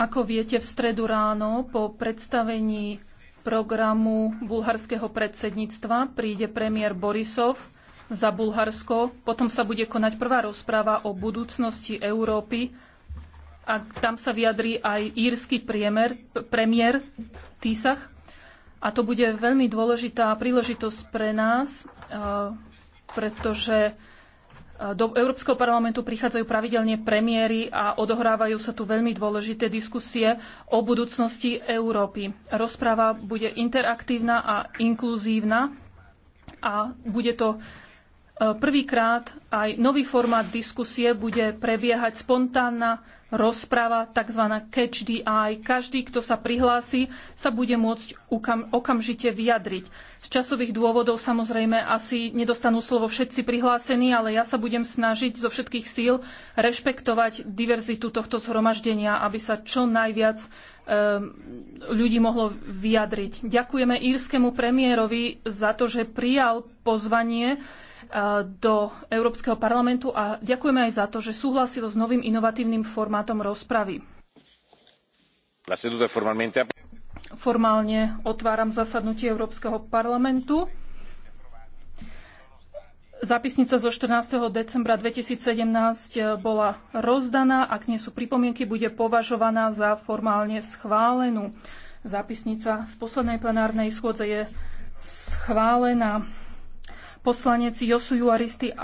Ako viete, v stredu ráno po predstavení programu bulharského predsedníctva príde premiér Borisov za Bulharsko. Potom sa bude konať prvá rozpráva o budúcnosti Európy a tam sa vyjadrí aj írsky priemer, premiér Týsach. A to bude veľmi dôležitá príležitosť pre nás, eh, pretože do Európskeho parlamentu prichádzajú pravidelne premiéry a odohrávajú sa tu veľmi dôležité diskusie o budúcnosti Európy. Rozpráva bude interaktívna a inkluzívna a bude to e, prvýkrát aj nový formát diskusie bude prebiehať spontánna Rozpráva tzv. catch the eye. Každý, kto sa prihlási, sa bude môcť okamžite vyjadriť. Z časových dôvodov samozrejme asi nedostanú slovo všetci prihlásení, ale ja sa budem snažiť zo všetkých síl rešpektovať diverzitu tohto zhromaždenia, aby sa čo najviac ehm, ľudí mohlo vyjadriť. Ďakujeme írskemu premiérovi za to, že prijal pozvanie eh, do Európskeho parlamentu a ďakujeme aj za to, že súhlasil s novým inovatívnym formátom formátom rozpravy. Formálne otváram zasadnutie Európskeho parlamentu. Zápisnica zo 14. decembra 2017 bola rozdaná. Ak nie sú pripomienky, bude považovaná za formálne schválenú. Zápisnica z poslednej plenárnej schôdze je schválená. Poslanec Josu Juaristi